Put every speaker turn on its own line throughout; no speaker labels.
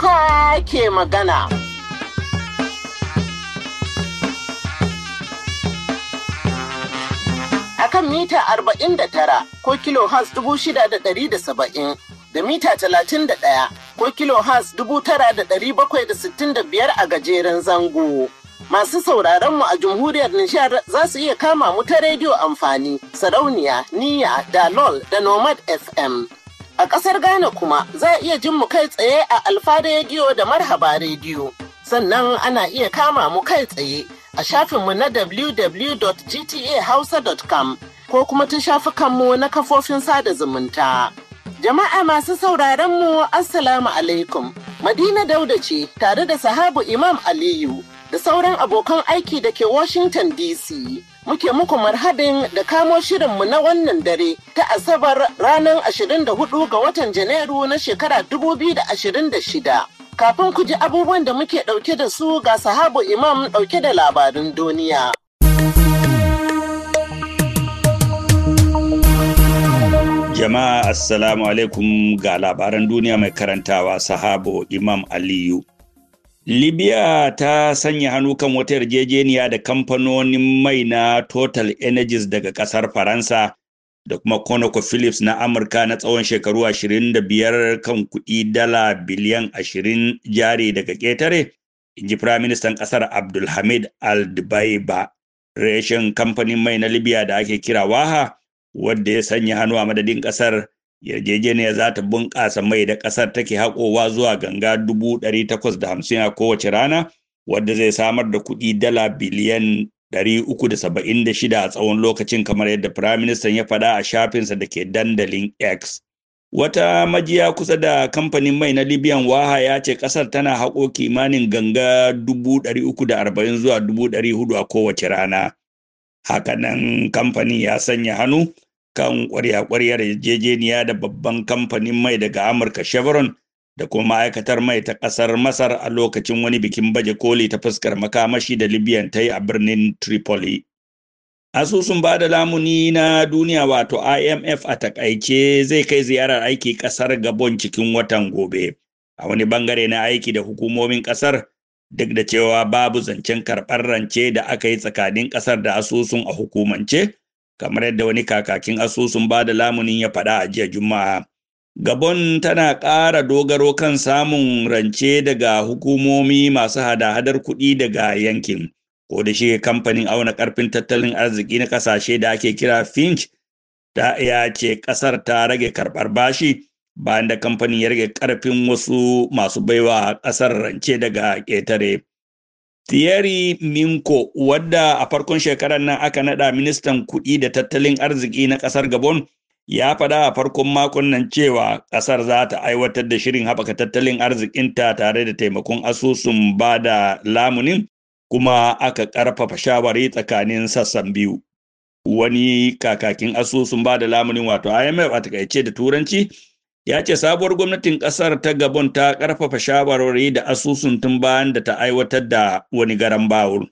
Ka ke magana. Akan mita 49 ko kilo has 6,670 da mita 31 ko kilo has biyar a gajeren zango. Masu sauraronmu a Jamhuriyar Nijar za su iya kama mu ta rediyo amfani, sarauniya, niya, dalol da nomad FM. A ƙasar Ghana kuma za a iya jin mu kai tsaye a Alfa Rediyo da Marhaba Rediyo. Sannan ana iya kama mu kai tsaye a shafinmu na www.gtahausa.com ko kuma ta shafukanmu na kafofin sada zumunta. Jama'a masu sauraron mu Assalamu alaikum. Madina Dauda ce tare da sahabu Imam Aliyu da sauran abokan aiki da ke Washington DC. muke muku marhabin da kamo shirinmu na wannan dare ta Asabar ranar 24 ga watan Janairu na shekara 2026. Kafin ku ji abubuwan da muke ɗauke da su ga sahabu imam ɗauke da labarin duniya.
Jama'a Assalamu alaikum ga labaran duniya mai karantawa sahabo Imam Aliyu. Libya ta sanya hannu kan wata yarjejeniya da kamfanonin mai na Total Energies daga ƙasar Faransa da kuma ConocoPhillips na Amurka na tsawon shekaru 25 kan kuɗi dala biliyan 20 jari daga ƙetare, in ji Firaministan ƙasar Abdulhamid Al ba. Reshen kamfanin mai na Libya da ake kira Waha, wadda ya sanya hannu a madadin ƙasar yarjejeniyar za ta bunƙasa mai da ƙasar take haƙowa zuwa ganga dubu ɗari takwas da hamsin a kowace rana wadda zai samar da kuɗi dala biliyan ɗari uku da saba'in da shida a tsawon lokacin kamar yadda firaministan ya faɗa a shafinsa da ke dandalin x wata majiya kusa da kamfanin mai na libyan waha ya ce ƙasar tana haƙo kimanin ganga dubu ɗari uku da arba'in zuwa dubu ɗari hudu a kowace rana Haka nan kamfanin ya sanya hannu kan kwarya-kwaryar yarjejeniya da babban kamfanin mai daga Amurka Chevron da kuma ma'aikatar mai ta ƙasar Masar a lokacin wani bikin baje koli ta fuskar makamashi da Libyan ta yi a birnin Tripoli. Asusun ba da lamuni na duniya wato IMF a takaice zai kai ziyarar aiki ƙasar Gabon cikin watan gobe. A wani bangare na aiki da hukumomin ƙasar duk da cewa babu zancen karɓar rance da aka yi tsakanin ƙasar da asusun a hukumance. kamar yadda wani kakakin asusun ba da lamunin ya faɗa a jiya juma'a gabon tana ƙara dogaro kan samun rance daga hukumomi masu hada-hadar kuɗi daga yankin ko da shi kamfanin auna ƙarfin tattalin arziki na ƙasashe da ake kira finch ta ya ce ƙasar ta rage karɓar bashi bayan da kamfanin ya rage ƙarfin wasu masu baiwa ƙasar rance daga ƙetare Thierry Minko wadda a farkon shekarar nan aka naɗa ministan kuɗi da tattalin arziki na ƙasar Gabon ya faɗa a farkon makon nan cewa ƙasar za ta aiwatar da shirin haɓaka tattalin arzikinta tare da taimakon asusun ba da lamunin kuma aka ƙarfafa shawari tsakanin sassan biyu. Wani kakakin asusun ba da lamunin wato IMF a takaice da turanci ya ce sabuwar gwamnatin ƙasar ta gabon ta ƙarfafa shawarwari da asusun tun bayan da ta aiwatar da wani garan bawul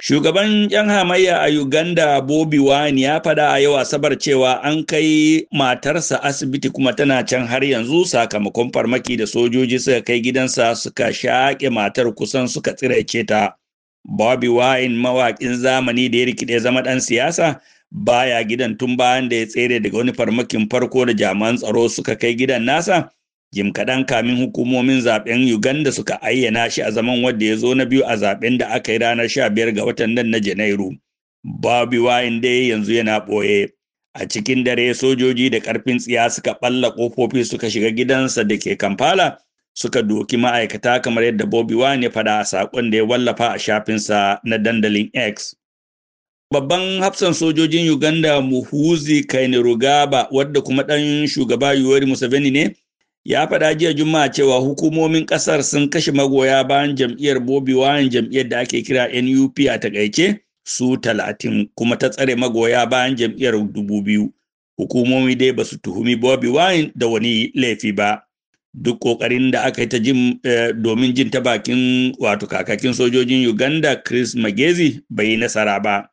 shugaban yan hamayya a uganda bobi wine ya faɗa a yau asabar cewa an kai matarsa asibiti kuma tana can har yanzu sakamakon farmaki da sojoji suka kai gidansa suka shaƙe matar kusan suka tsiraice ta bobi wine mawaƙin zamani da ya rikide zama ɗan siyasa baya gidan tun bayan da ya tsere daga wani farmakin farko da jami'an tsaro suka kai gidan nasa jim kaɗan kamin hukumomin zaben uganda suka ayyana shi a zaman wanda ya zo na biyu a zaben da aka yi ranar sha biyar ga watan nan na janairu Bobby Wine dai yanzu yana ɓoye. A cikin dare sojoji da ƙarfin tsiya suka ɓalla ƙofofi suka shiga gidansa da ke Kampala suka doki ma'aikata kamar yadda Bobby Wine ya faɗa a saƙon da ya wallafa a shafinsa na dandalin X. Babban hafsan sojojin Uganda Muhuzi Kainerugaba wadda kuma ɗan shugaba Yoweri Museveni ne ya faɗa jiya Juma'a cewa hukumomin ƙasar sun kashe magoya bayan jam'iyyar Bobi Wine jam'iyyar da ake kira NUP a takaice su talatin kuma ta tsare magoya bayan jam'iyyar dubu biyu. Hukumomi dai ba su tuhumi Bobi Wine da wani laifi ba. Duk ƙoƙarin da aka yi ta jin eh, domin jin ta bakin wato kakakin sojojin Uganda Chris Magezi bai yi nasara ba.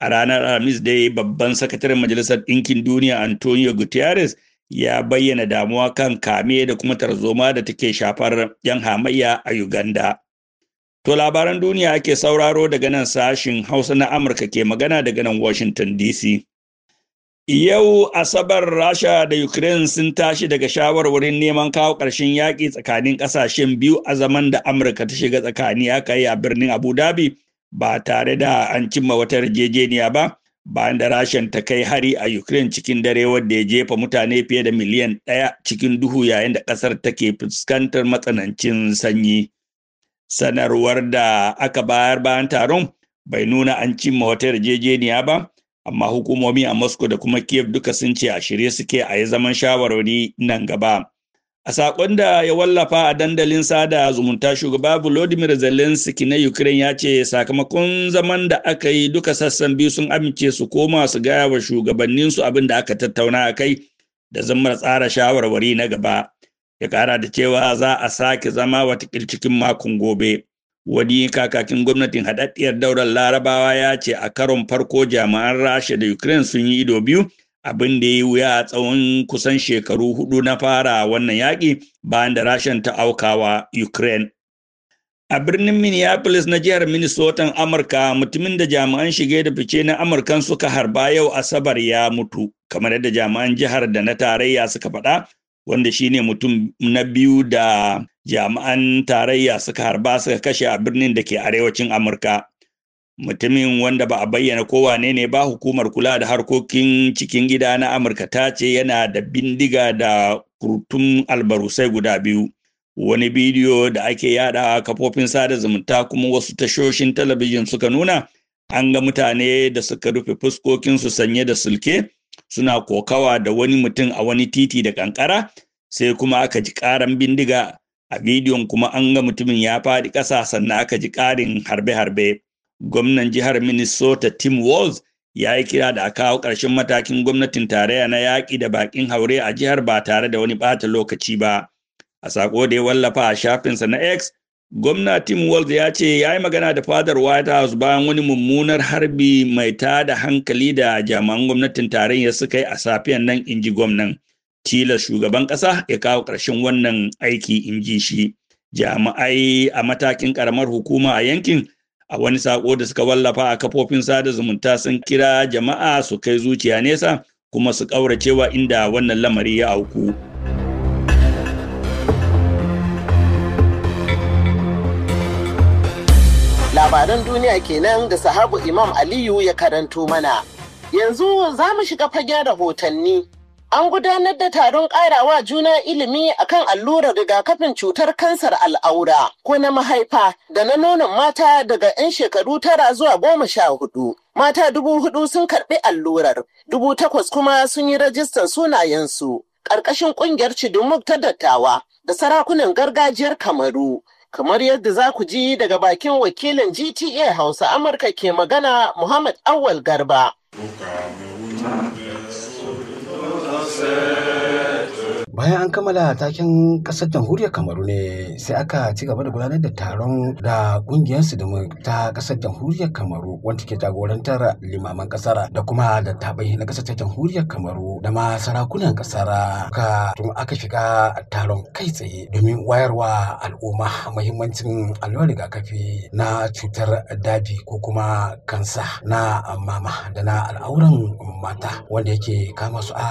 a ranar alhamis dai babban sakataren majalisar ɗinkin duniya antonio guterres ya bayyana damuwa kan kame da kuma tarzoma da take shafar 'yan hamayya a uganda to labaran duniya ake sauraro daga nan sashin hausa na amurka ke magana daga nan washington dc Yau Asabar Rasha da Ukraine sun tashi daga shawarwarin neman kawo ƙarshen yaƙi tsakanin ƙasashen biyu a zaman da Amurka ta shiga tsakani aka yi a birnin Abu Dhabi ba tare da an cimma wata yarjejeniya ba bayan da rashin ta kai hari a ukraine cikin dare wadda ya jefa mutane fiye da miliyan ɗaya cikin duhu yayin da ƙasar take fuskantar matsanancin sanyi sanarwar da aka bayar bayan taron bai nuna an cimma wata yarjejeniya ba amma hukumomi a moscow da kuma kiev duka sun ce a shirye suke a yi zaman shawarwari nan gaba A saƙon da ya wallafa a dandalin sada zumunta shugaba Volodymyr Zelensky na Ukraine ya ce sakamakon zaman da aka yi duka sassan biyu sun amince su koma su gaya wa shugabanninsu abin da aka tattauna a kai da zammar tsara shawarwari na gaba. Ya ƙara da cewa za a sake zama wata cikin makon gobe. Wani kakakin gwamnatin haɗaɗɗiyar daular larabawa ya ce a karon farko jami'an Rasha da Ukraine sun yi ido biyu abin da ya yi wuya tsawon kusan shekaru hudu na fara wannan yaƙi bayan da rashin ta aukawa ukraine a birnin minneapolis na jihar minnesota amurka mutumin da jami'an shige da fice na amurkan suka harba yau asabar ya mutu kamar yadda jami'an jihar da na tarayya suka faɗa wanda shi ne mutum na biyu da jami'an tarayya suka harba suka kashe a birnin da ke arewacin amurka mutumin wanda ba a bayyana wane ne ba hukumar kula da harkokin cikin gida na amurka ta ce yana da bindiga da kurtun albarusai guda biyu wani bidiyo da ake yada kafofin sada zumunta kuma wasu tashoshin talabijin suka nuna an ga mutane da suka rufe fuskokinsu sanye da sulke suna kokawa da wani mutum a wani titi da kankara sai kuma aka ji karan bindiga a bidiyon kuma an ga mutumin ya faɗi ƙasa sannan aka ji ƙarin harbe-harbe gwamnan jihar minnesota tim walz ya yi kira da a kawo ƙarshen matakin gwamnatin tarayya na yaƙi da baƙin haure a jihar ba tare da wani ɓata lokaci ba a sako da ya wallafa a shafinsa na x gwamna tim walz ya ce ya yi magana da fadar white house bayan wani mummunar harbi mai tada hankali da jami'an gwamnatin tarayya suka yi a safiyan nan in ji gwamnan tilas shugaban ƙasa ya kawo ƙarshen wannan aiki in ji shi jami'ai a matakin ƙaramar hukuma a yankin a wani sako da suka wallafa a kafofin sada zumunta sun kira jama'a su kai zuciya nesa kuma su ƙauracewa inda wannan lamari ya auku.
Labaran duniya kenan da sahabu Imam Aliyu ya karanto mana. Yanzu za mu shiga fagen rahotanni. An gudanar da taron ƙarawa juna ilimi akan allurar rigakafin cutar kansar al'aura ko na mahaifa da na nonon mata daga 'yan shekaru tara zuwa goma sha hudu. Mata dubu hudu sun karɓi allurar, dubu takwas kuma sun yi rajistar sunayensu. Ƙarƙashin ƙungiyar Cidimuk ta dattawa da sarakunan gargajiyar Kamaru. Kamar yadda za ku ji daga bakin wakilin GTA Hausa Amurka ke magana Muhammad Awal Garba. Okay.
bayan an kammala taken kasar jamhuriyar kamaru ne sai aka ci gaba da gudanar da taron da kungiyar sidimik ta kasar jamhuriyar kamaru wanda ke jagorantar limaman kasar da kuma da tabai na kasar jamhuriyar kamaru da ma sarakunan kasara ka tun aka shiga taron kai tsaye domin wayarwa al'umma muhimmancin allurar rigakafi na cutar daji ko kuma kansa na mama da na al'auran mata wanda yake kama su a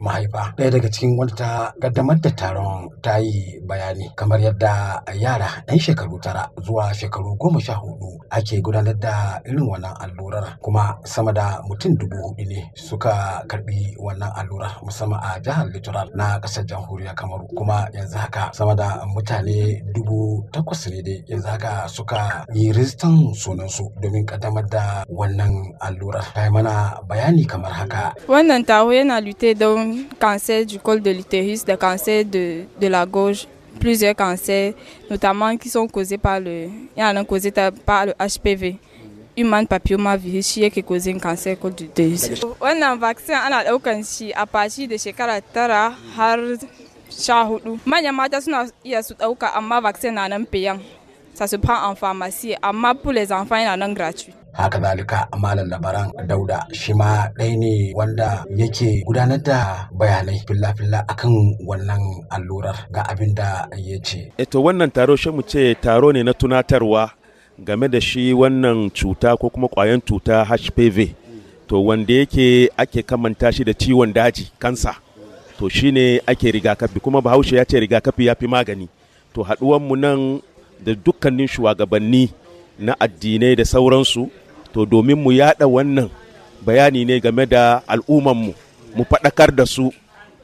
mahaifa ɗaya daga cikin wanda ta kaddamar da taron ta yi bayani kamar yadda yara 'yan shekaru tara zuwa shekaru goma sha hudu ake gudanar da irin wannan allurar kuma sama da mutum dubu hudu ne suka karbi wannan allurar musamman a jihar littoral na kasar jamhuriyar kamaru kuma yanzu haka sama da mutane dubu takwas ne dai yanzu haka suka yi rijistan sunansu domin kaddamar da wannan allurar ta mana bayani kamar haka
wannan taho yana lute don kansa jikol da de l'utérus Des cancers de, de la gorge, plusieurs cancers, notamment qui sont causés par le, il y en a causé par le HPV. Human papillomavirus qui cause un cancer du da On vaccine ana daukan shi a fashi à partir de har sha hudu. Manyan mata suna iya su dauka amma vaccin un nan payant. Ça se prend en pharmacie, amma pour les enfants en un gratuit. haka zalika
malam labaran dauda shi ma ɗaya ne wanda yake gudanar da bayanai filla-filla akan wannan allurar ga abin da ya ce. Eto eh, wannan taro shi mu ce taro ne na tunatarwa game da shi wannan cuta ko kuma kwayan cuta HPV. To wanda yake ake kamanta shi da ciwon daji kansa. To shi ne ake rigakafi kuma bahaushe ya ce rigakafi ya fi magani. To mu nan da dukkanin shugabanni na addinai da sauransu to domin mu yada wannan bayani ne game da al'ummanmu mu faɗakar da su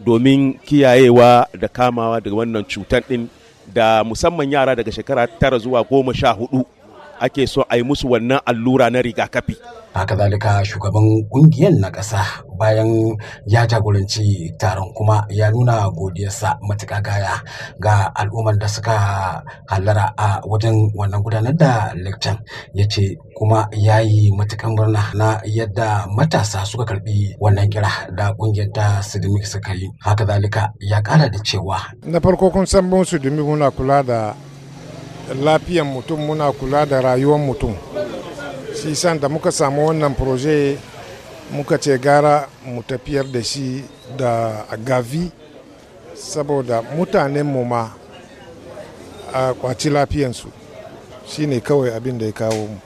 domin kiyayewa da kamawa daga wannan cutar ɗin da musamman yara daga shekara tara zuwa goma sha hudu ake so a yi musu wannan allura na rigakafi. haka zalika shugaban kungiyar na ƙasa bayan ya jagoranci taron kuma ya nuna godiyarsa matuƙa gaya ga al'ummar da suka hallara a wajen wannan gudanar da lecture ya ce kuma ya yi matuƙan murna na yadda matasa suka karbi wannan kira da kungiyar ta sidimik suka yi haka zalika ya ƙara da cewa
na farko kun san mun sidimik muna kula da lafiyan mutum muna kula da rayuwar mutum shi san da muka samu wannan proje muka ce gara mu tafiyar da shi da gavi saboda mutanen mu ma a kwaci lafiyansu shi ne kawai abin da ya kawo mu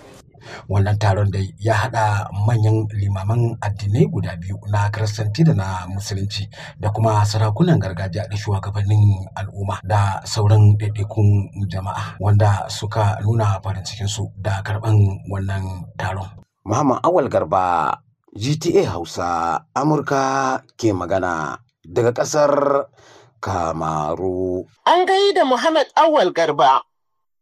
wannan taron da ya haɗa manyan limaman addinai guda biyu na kiristanci da na musulunci da kuma sarakunan gargajiya da shugabannin al'umma da sauran ɗaiɗaikun jama'a wanda suka nuna farin cikinsu da karɓan wannan taron. Muhammad Awal Garba GTA Hausa Amurka ke magana daga ƙasar Kamaru.
An gaida Muhammad Awal Garba,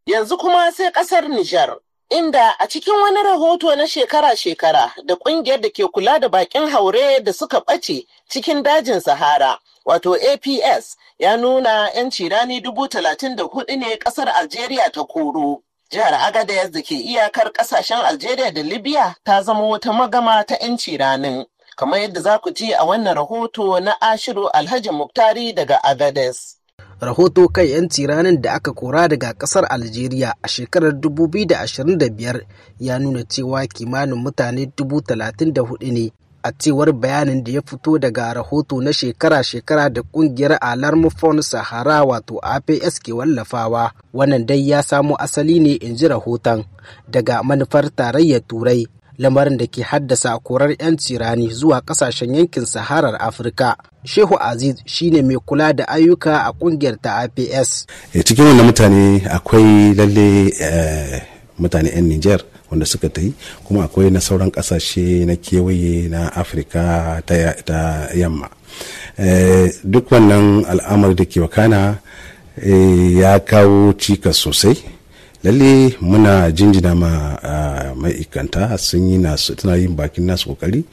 yanzu kuma sai ƙasar Nijar. Inda a cikin wani rahoto na shekara-shekara da ƙungiyar da ke kula da baƙin haure da suka ɓace cikin dajin Sahara, wato APS, ya nuna 'yanci rani dubu talatin da hudu ne ƙasar Algeria ta koro. Jihar Agadez da ke iyakar ƙasashen Algeria da Libya ta zama wata magama ta 'yanci ranin. Kamar yadda za ku ji a wannan rahoto na Ashiru Alhaji Muktari daga Agadez.
rahoto kan 'yan tiranin da aka kora daga kasar algeria a shekarar 2025 ya nuna cewa kimanin mutane 34,000 ne a cewar bayanin da ya fito daga rahoto na shekara-shekara da kungiyar Alarmfon sahara wato aps ke wallafawa wannan dai ya samo asali ne in ji rahoton daga manufar tarayyar turai lamarin da ke haddasa korar 'yanci rani zuwa kasashen yankin saharar afirka shehu aziz shine mai kula da ayyuka a kungiyar ta aps
eh, cikin wannan mutane akwai lalle eh, mutane 'yan niger wanda suka ta yi kuma akwai na sauran kasashe na kewaye na afirka ta yamma eh, duk wannan al'amar da ke wakana ya kawo cikas sosai lalle muna jinjina ma ma'aikanta sun yi nasu yin bakin nasu kokari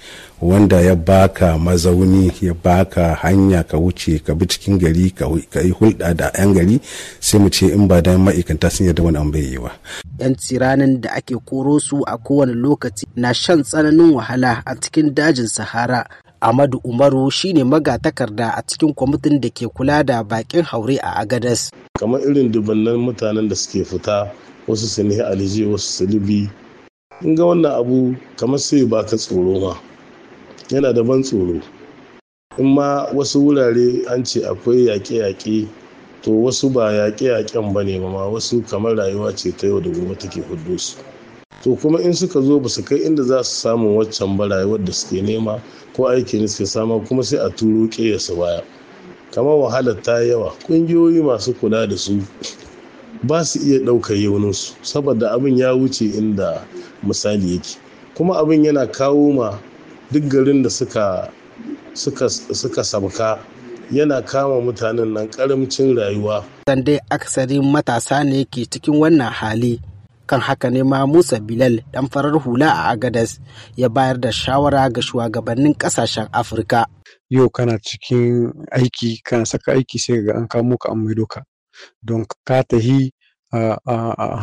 wanda ya baka mazauni ya baka hanya ka wuce ka bi cikin gari ka yi hulɗa da 'yan gari sai mu ce in ba da ma'aikanta sun yarda wani bai yi wa.
'yan tsiranin da ake koro su a kowane lokaci na shan tsananin wahala a cikin dajin sahara Amadu Umaru shine magatakarda a cikin kwamitin da ke kula da bakin haure a Agadas.
Kamar irin dubannan mutanen da suke fita wasu su ne Alije wasu su Libi. In ga wannan abu kamar sai ba ka tsoro ma. Yana da ban tsoro. In ma wasu wurare an ce akwai yaƙe-yaƙe to wasu ba yaƙe-yaƙen ba ne ma wasu kamar rayuwa ce ta yau da gobe take huddo su. to kuma in suka zo ba su kai inda za su samu waccan ba rayuwar da suke nema ko aiki ne suke sama kuma sai a turo ƙeya su baya kamar wahalar ta yawa ƙungiyoyi masu kula da su ba su iya ɗaukar yauninsu saboda abin ya wuce inda misali yake kuma abin yana kawo ma duk garin da suka suka sabka yana kama mutanen nan karamcin rayuwa. Zan dai aksarin matasa ne ke
cikin wannan hali. kan haka ne ma musa bilal dan farar hula a agadas ya bayar da shawara ga shugabannin kasashen afirka yau kana cikin
aiki kana saka aiki sai ga an kamo ka an maido ka don ka tahi a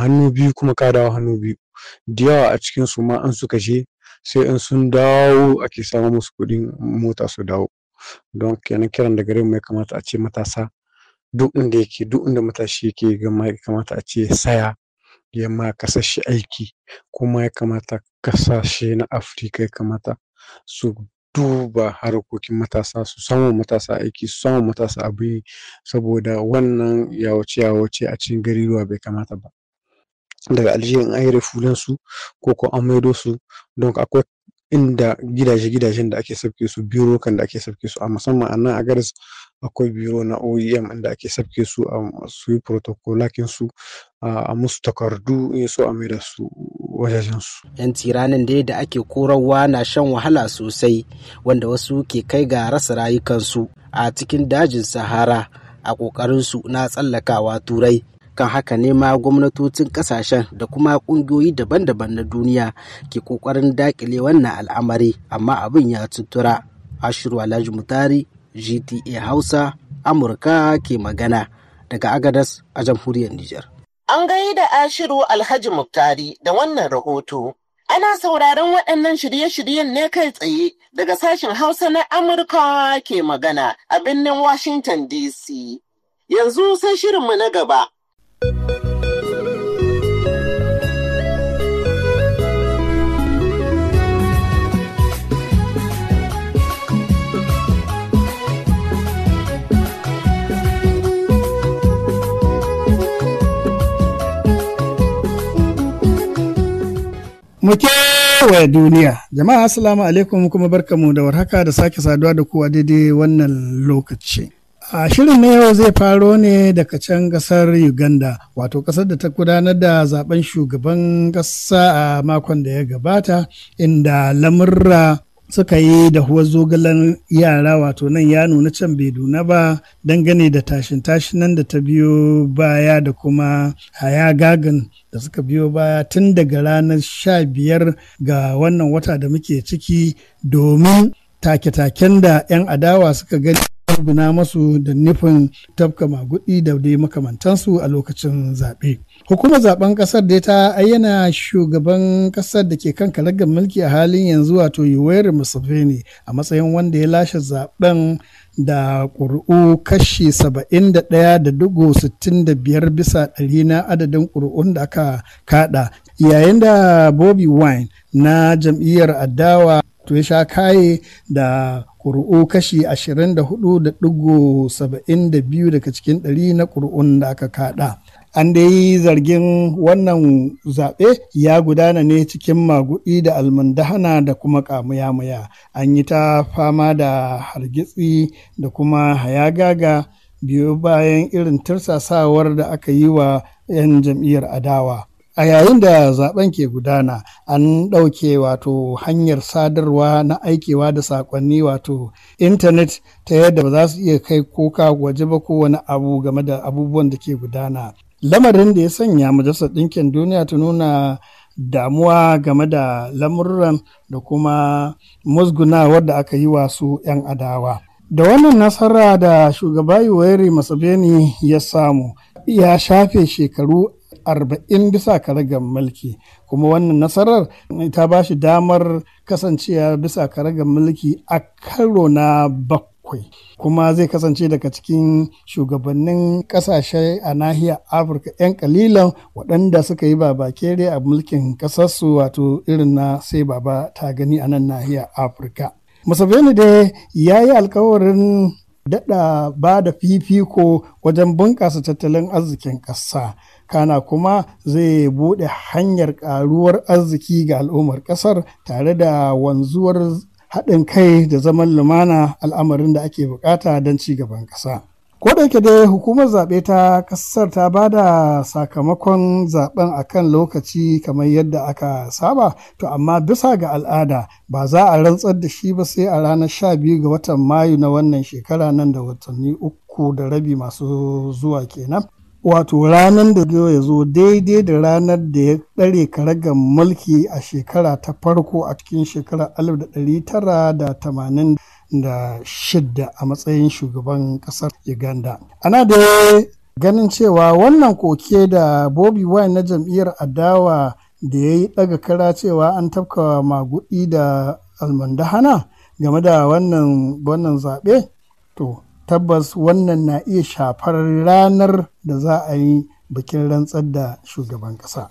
hannu biyu kuma ka dawo hannu biyu da yawa a cikin su ma an suka je sai in sun dawo ake samu musu kuɗin mota su dawo don kenan kiran da gare mai kamata a ce matasa duk inda yake duk inda matashi yake ga kamata a ce saya ya kasashe aiki kuma ya kamata kasashe na afirka ya kamata su duba harkokin matasa su samu matasa aiki su samu matasa abin yi saboda wannan yawace yawace a cikin garuruwa bai kamata ba daga algeria in an yi su ko ko an maido don akwai inda gidaje-gidajen da ake sabke su biro kan da ake sabke su a musamman a nan a garis akwai biro na oem inda ake sabke su a su yi su a musu takardu in so a maida su wajajen su
yan tiranin dai da ake korarwa na shan wahala sosai wanda wasu ke kai ga rasa rayukansu a cikin dajin sahara a su na tsallakawa turai kan haka ne ma gwamnatocin kasashen da kuma kungiyoyi daban-daban na duniya ke kokarin dakile wannan al'amari amma abin ya tutura ashiru alhaji mutari gta hausa amurka ke magana daga agadas a jamhuriyar niger
an gai da ashiru alhaji muktari da wannan rahoto Ana sauraron waɗannan shirye-shiryen ne kai tsaye daga sashen Hausa na Amurka ke magana a birnin Washington DC. Yanzu sai shirinmu na gaba,
mu duniya jama'a assalamu alaikum kuma barkamu da warhaka da sake saduwa da kowa daidai wannan lokaci A shirin na yau zai faro ne daga can gasar Uganda, wato kasar da ta gudanar da zaben shugaban kasa a makon da ya gabata, inda lamurra suka yi da huwa zogalen yara wato nan ya nuna can bai duna ba dangane da tashin tashinan da ta biyo baya da kuma haya gagan da suka biyo baya tun daga ranar sha biyar ga wannan wata da muke ciki domin take-taken da 'yan adawa suka gani tsanguna masu da nufin tafka magudi da dai makamantansu a lokacin zaɓe. Hukumar zaben ƙasar da ta ayyana shugaban ƙasar da ke kan kalagar mulki a halin yanzu wato Yoweri Museveni a matsayin wanda ya lashe zaben da ƙuri'u kashi 71.65 bisa ɗari na adadin ƙuri'un da aka kaɗa yayin da Bobby Wine na jam'iyyar adawa to ya sha kaye da ƙuri'u kashi 24.72 daga cikin ɗari na ƙuri'un da aka kaɗa. An dai zargin wannan zaɓe ya gudana ne cikin maguɗi da almandahana da kuma ƙamuya-muya. An yi ta fama da hargitsi da kuma hayagaga biyu bayan irin tirsasawar da aka yi wa 'yan jam'iyyar adawa. a yayin da zaben ke gudana an ɗauke wato hanyar sadarwa na aikewa da sakonni wato intanet ta yadda ba za su iya kai koka waje ba ko wani abu game da abubuwan da ke gudana lamarin da ya sanya majalisar ɗinkin duniya ta nuna damuwa game da lamurran da kuma musgunawar da aka yi wasu 'yan adawa da wannan nasara da shugaba yoweri masabeni ya samu ya shafe shekaru arba'in bisa karagar mulki kuma wannan nasarar ta ba shi damar kasancewa bisa karagar mulki a karo na bakwai kuma zai kasance daga cikin shugabannin kasashe a nahiyar afirka 'yan kalilan waɗanda suka yi kere a mulkin ƙasarsu wato irin na sai baba ta gani a nan nahiyar afirka museveni dai ya yi alkawarin daɗa ba da fifiko wajen bunƙasa tattalin arzikin ƙasa kana kuma zai buɗe hanyar ƙaruwar arziki ga al'ummar ƙasar tare da wanzuwar haɗin kai da zaman lumana al'amarin da ake bukata don ci gaban ƙasa. ko da dai hukumar zaɓe ta ƙasar ta ba da sakamakon zaɓen a kan lokaci kamar yadda aka saba to amma bisa ga al'ada ba za a rantsar da shi ba sai a ranar biyu ga watan mayu na wannan shekara nan da watanni uku da rabi masu zuwa kenan wato ranar da ya zo daidai da ranar da ya ɗare karagar mulki a shekara ta farko a cikin shekarar 1986 a matsayin shugaban ƙasar uganda ana da ganin cewa wannan koke da bobi wine na jam'iyyar adawa da ya yi ɗaga kara cewa an tafka magudi da almandahana game da wannan zaɓe to tabbas wannan na iya shafar ranar da za a yi bikin rantsar da shugaban ƙasa.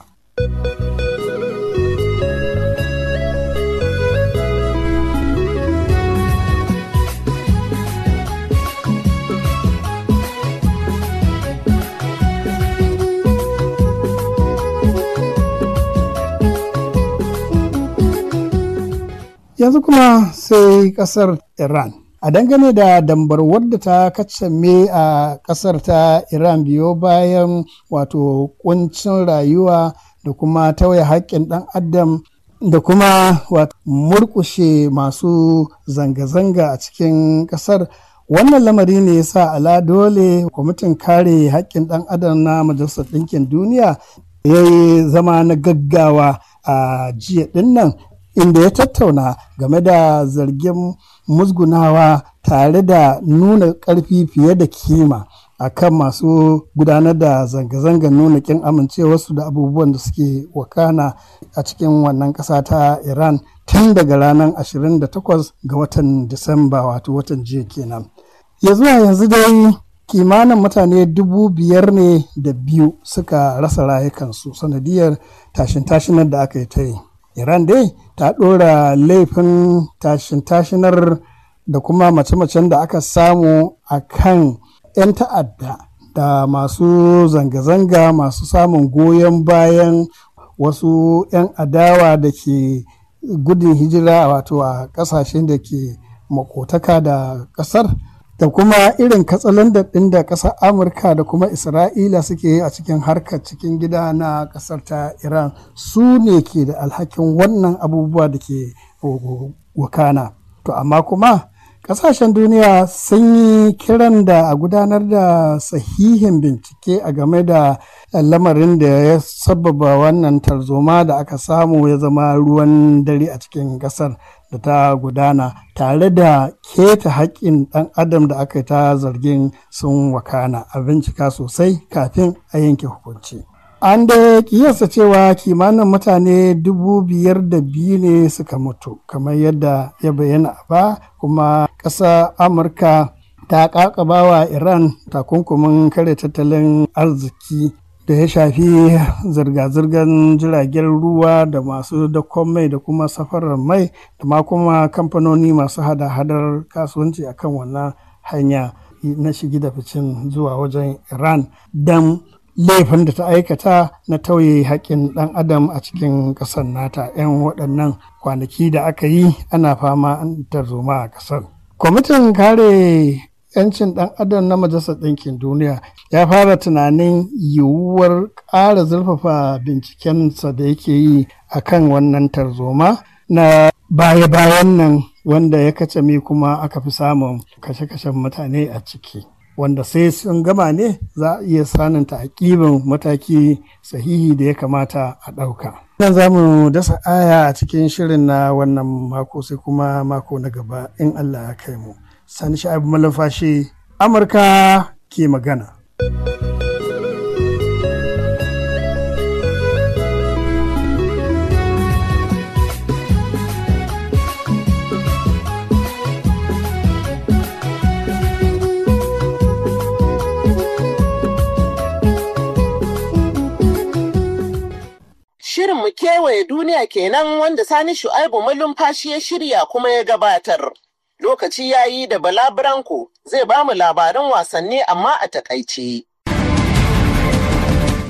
yanzu kuma sai ƙasar iran a dangane da dambarwar da ta kacame a kasar ta iran biyo bayan wato kuncin rayuwa da kuma tauye haƙƙin ɗan adam da kuma murkushe masu zanga-zanga a cikin kasar wannan lamari ne ya sa ala dole kwamitin kare haƙƙin ɗan adam na majalisar ɗinkin duniya ya yi zama na gaggawa a jiya ɗinnan inda ya tattauna game da zargin musgunawa tare da nuna karfi fiye da kima a kan masu gudanar da zanga-zangar nuna ƙin amincewarsu da abubuwan da suke wakana a cikin wannan ƙasa ta iran tun daga ranar 28 ga watan disamba wato watan jiya kenan ya zuwa yanzu dai kimanin mutane dubu biyar ne da biyu suka rasa rayukansu sanadiyar tashin-tashinar da aka yi ta yi iran dai ta ɗora laifin tashin-tashinar da kuma mace-macen da aka samu a kan 'yan ta'adda da masu zanga-zanga masu samun goyon bayan wasu 'yan adawa da ke gudun hijira wato a ƙasashen da ke makotaka da ƙasar. da kuma irin katsalandar ɗin da ƙasar amurka da kuma isra'ila suke yi a cikin harkar cikin gida na ƙasar ta iran su ne ke da alhakin wannan abubuwa da ke wakana to amma kuma ƙasashen duniya sun yi kiran da a gudanar da sahihin bincike a game da lamarin da ya sababa wannan tarzoma da aka samu ya zama ruwan dare a cikin ƙasar da ta gudana tare da keta haƙƙin ɗan adam da aka yi ta zargin sun wakana a bincika sosai kafin a yanke hukunci. An da kiyasta cewa kimanin mutane dubu biyar da biyu ne suka mutu kamar yadda ya bayyana ba kuma ƙasa Amurka ta ƙaƙabawa Iran takunkumin kare tattalin arziki da ya shafi zirga-zirgar jiragen ruwa da masu dakon mai da kuma safarar mai da ma kuma kamfanoni masu hada-hadar kasuwanci akan wannan hanya na shigi da ficin zuwa wajen iran don laifin da ta aikata na tauye haƙƙin ɗan adam a cikin ƙasar nata 'yan waɗannan kwanaki da aka yi ana fama an tarzoma a ƙasar kwamitin kare 'yancin ɗan adam na majalisar ɗinkin duniya ya fara tunanin yiwuwar ƙara zurfafa bincikensa da yake yi a kan wannan tarzoma na baya-bayan nan wanda ya kace kuma aka fi samun kashe-kashen mutane a ciki wanda sai sun gama ne za a iya sanin aƙibin mataki sahihi da ya kamata a ɗauka. nan za mu dasa aya a cikin shirin na wannan mako sai kuma mako na gaba in Allah ya kai mu. sani sha'ibu malafashe amurka ke magana
Shirin mu kewaye duniya kenan wanda Sani Shu'aibu malumfashi ya shirya kuma ya gabatar. lokaci ya yi da Bala Branko zai ba mu labarin wasanni amma a takaice.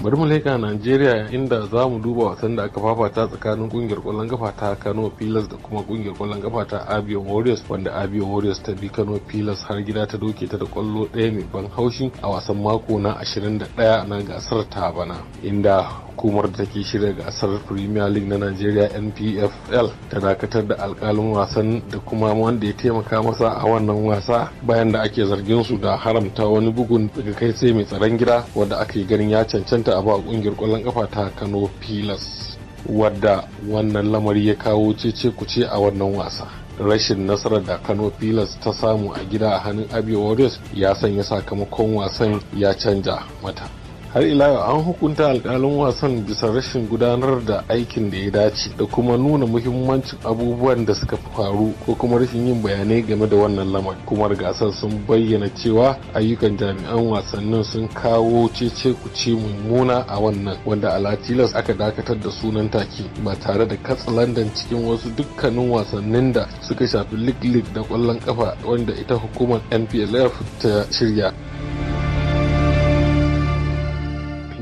bari mu leka Najeriya inda za mu duba wasan da aka fafata tsakanin kungiyar kwallon kafa ta Kano Pilas da kuma kungiyar kwallon kafa ta Abiyon Warriors wanda Abiyon Warriors ta bi Kano Pilas har gida ta doke ta da kwallo ɗaya mai ban haushi a wasan mako na 21 na gasar ta bana inda hukumar da take shirya gasar premier league na nigeria npfl ta dakatar da alkalin wasan da kuma wanda ya taimaka masa a wannan wasa bayan da ake zargin su da haramta wani bugun daga kai sai mai tsaron gida wanda aka yi ganin ya cancanta a ba kungiyar kwallon kafa ta kano pilas wadda wannan lamari ya kawo cece kuce a wannan wasa rashin nasarar da kano pilas ta samu a gida a hannun abia warriors ya sanya sakamakon wasan ya canja mata har ila an hukunta alkalin wasan bisa rashin gudanar da aikin da ya dace da kuma nuna muhimmancin abubuwan da suka faru ko kuma rashin yin bayanai game da wannan lamar kuma gasar sun bayyana cewa ayyukan jami'an wasannin sun kawo cece kuce mummuna a wannan wanda alatilas aka dakatar da sunan take ba tare da katsalandan cikin wasu dukkanin wasannin da suka shafi lig lig da kwallon kafa wanda ita hukumar npls ta shirya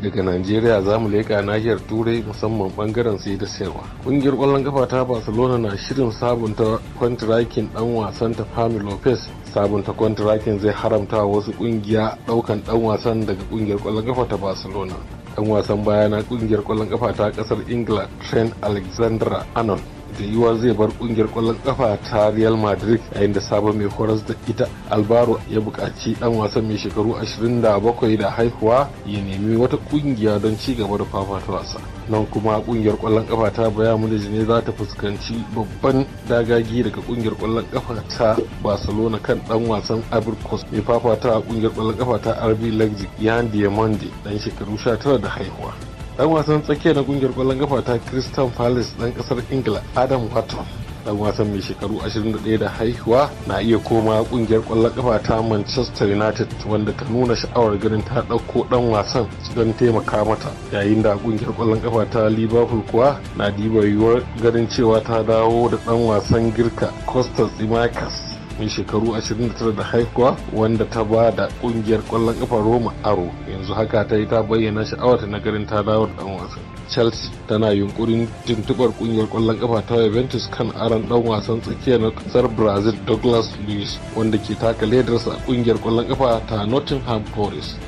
daga najeriya za mu leƙa nahiyar turai musamman bangaren sai da sayarwa ƙungiyar ƙwallon kafa ta barcelona na shirin sabunta kwantirakin ɗan wasan ta fami lopez sabunta kwantirakin zai haramta wasu ƙungiya ɗaukan ɗan wasan daga ƙungiyar ƙwallon kafa ta barcelona ɗan wasan baya na ƙungiyar ƙwallon kafa ta ƙasar ingila trent alexandra anon da yiwuwa zai bar kungiyar kwallon kafa ta Real Madrid yayin da sabon mai horas da ita albaro ya buƙaci dan wasan mai shekaru 27 da haihuwa ya nemi wata kungiya don ci gaba da fafata wasa. Nan kuma kungiyar kwallon kafa ta baya mu ne za ta fuskanci babban dagagi daga kungiyar kwallon kafa ta Barcelona kan dan wasan Abirkos mai fafata a kungiyar kwallon kafa ta RB Leipzig Yan monde dan shekaru 19 da haihuwa. dan wasan tsakiya na kungiyar kwallon kafa ta Crystal Palace dan kasar Ingila Adam Watson dan wasan mai shekaru 21 da haihuwa na iya koma kungiyar kwallon kafa ta Manchester United wanda ta nuna sha'awar ganin ta ɗauko dan wasan don taimaka mata yayin da kungiyar kwallon kafa ta Liverpool kuwa na diba ganin cewa ta dawo da dan wasan Girka Costas Tsimakas mai shekaru 29 da haihuwa wanda ta ba da kungiyar kwallon kafa Roma aro yanzu haka ta yi ta bayyana sha'awata na garin ta dawo da dan wasan. Chelsea tana yunkurin tuntubar kungiyar kwallon kafa ta Juventus kan aron dan wasan tsakiya na kasar Brazil Douglas luis wanda ke taka ledarsa a kungiyar kwallon kafa ta Nottingham Forest.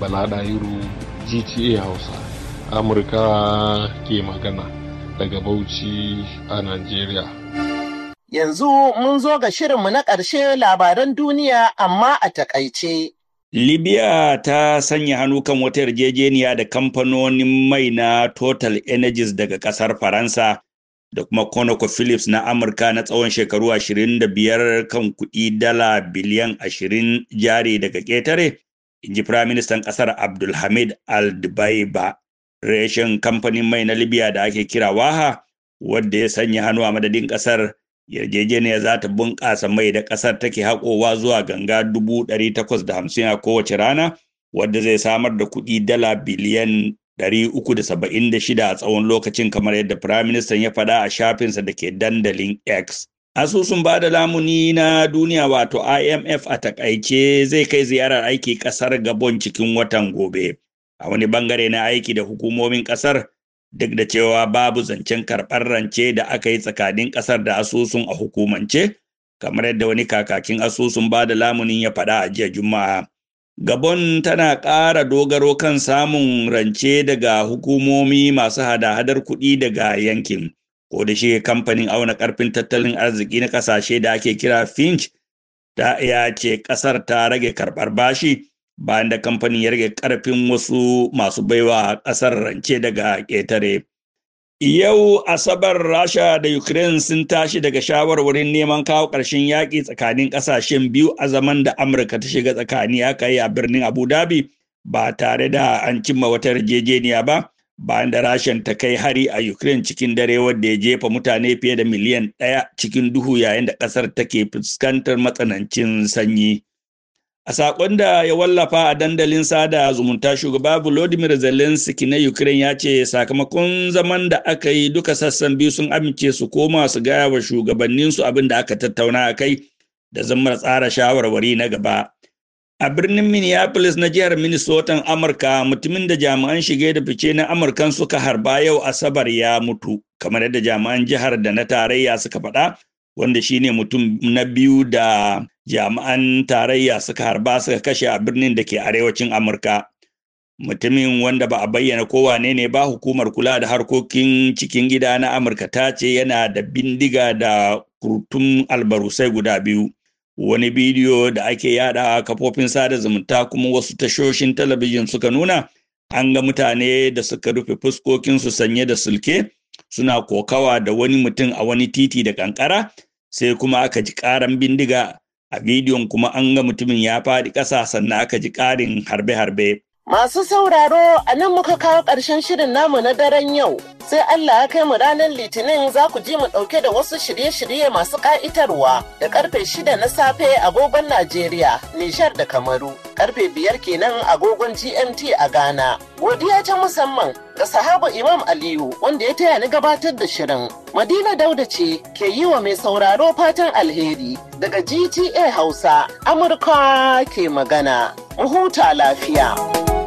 Bala Dairu GTA Hausa Amurka ke magana daga Bauchi a Najeriya.
Yanzu mun zo ga shirinmu na ƙarshe labaran duniya amma a takaice.
Libya ta sanya hannu kan wata yarjejeniya da kamfanonin mai na Total Energies daga ƙasar Faransa da kuma ConocoPhillips na Amurka na tsawon shekaru 25 kan kuɗi dala biliyan 20 jari daga ƙetare, in ji Firaministan ƙasar Abdulhamid Al-Dubai Aldubaiba. Reshen kamfanin mai na Libya da ake kira Waha, wadda ya sanya hannu a madadin ƙasar yarjejeniya za ta bunƙasa mai da ƙasar take haƙowa zuwa ganga dubu ɗari takwas da hamsin a kowace rana wadda zai samar da kuɗi dala biliyan ɗari da saba'in da shida a tsawon lokacin kamar yadda firaministan ya faɗa a shafinsa da ke dandalin x asusun ba da lamuni na duniya wato imf a takaice zai kai ziyarar aiki ƙasar gabon cikin watan gobe a wani bangare na aiki da hukumomin ƙasar duk da cewa babu zancen karɓar rance da aka yi tsakanin ƙasar da asusun a hukumance kamar yadda wani kakakin asusun ba da lamunin ya faɗa a jiya juma'a gabon tana ƙara dogaro kan samun rance daga hukumomi masu hada-hadar kuɗi daga yankin ko da shi kamfanin auna ƙarfin tattalin arziki na ƙasashe da ake kira finch ta iya ce ƙasar ta rage karɓar bashi bayan da kamfanin ya rage ƙarfin wasu masu baiwa ƙasar rance daga ƙetare. Yau Asabar Rasha da Ukraine sun tashi daga shawarwarin neman kawo ƙarshen yaƙi tsakanin ƙasashen biyu a zaman da Amurka ta shiga tsakani aka yi a birnin Abu Dhabi ba tare da an cimma wata yarjejeniya ba bayan da Rashan ta kai hari a Ukraine cikin dare wadda ya jefa mutane fiye da miliyan ɗaya cikin duhu yayin da ƙasar take fuskantar matsanancin sanyi. A saƙon da ya wallafa a dandalin sada zumunta shugaba Volodymyr Zelensky na Ukraine ya ce sakamakon zaman da aka yi duka sassan biyu sun amince su koma su gaya wa shugabanninsu abin da aka tattauna a kai da zammar tsara shawarwari na gaba. A birnin Minneapolis na jihar Minnesota Amurka mutumin da jami'an shige da fice na Amurkan suka harba yau Asabar ya mutu, kamar yadda jami'an jihar da na tarayya suka faɗa, wanda shine mutum na biyu da jami'an tarayya suka harba suka kashe a birnin da ke arewacin Amurka. Mutumin wanda ba a bayyana ko wane ne ba hukumar kula da harkokin cikin gida na Amurka ta ce yana da bindiga da kurtun albarusai guda biyu. Wani bidiyo da ake yada kafofin sada zumunta kuma wasu tashoshin talabijin suka nuna an ga mutane da suka rufe fuskokinsu sanye da sulke suna kokawa da wani mutum a wani titi da kankara sai kuma aka ji karan bindiga a bidiyon kuma an ga mutumin ya faɗi ƙasa sannan aka ji ƙarin harbe-harbe
Masu sauraro a nan muka kawo ƙarshen shirin namu na daren yau. Sai Allah ya kai mu ranar Litinin za ku ji mu ɗauke da wasu shirye-shirye masu ƙa'itarwa da karfe shida na safe agogon Najeriya, Nishar da Kamaru, karfe biyar kenan agogon GMT a Ghana. Godiya ta musamman ga sahaba Imam Aliyu wanda ya taya ni gabatar da shirin. Madina Dauda ce ke yi wa mai sauraro fatan alheri daga GTA Hausa, Amurka ke magana. Mu huta lafiya.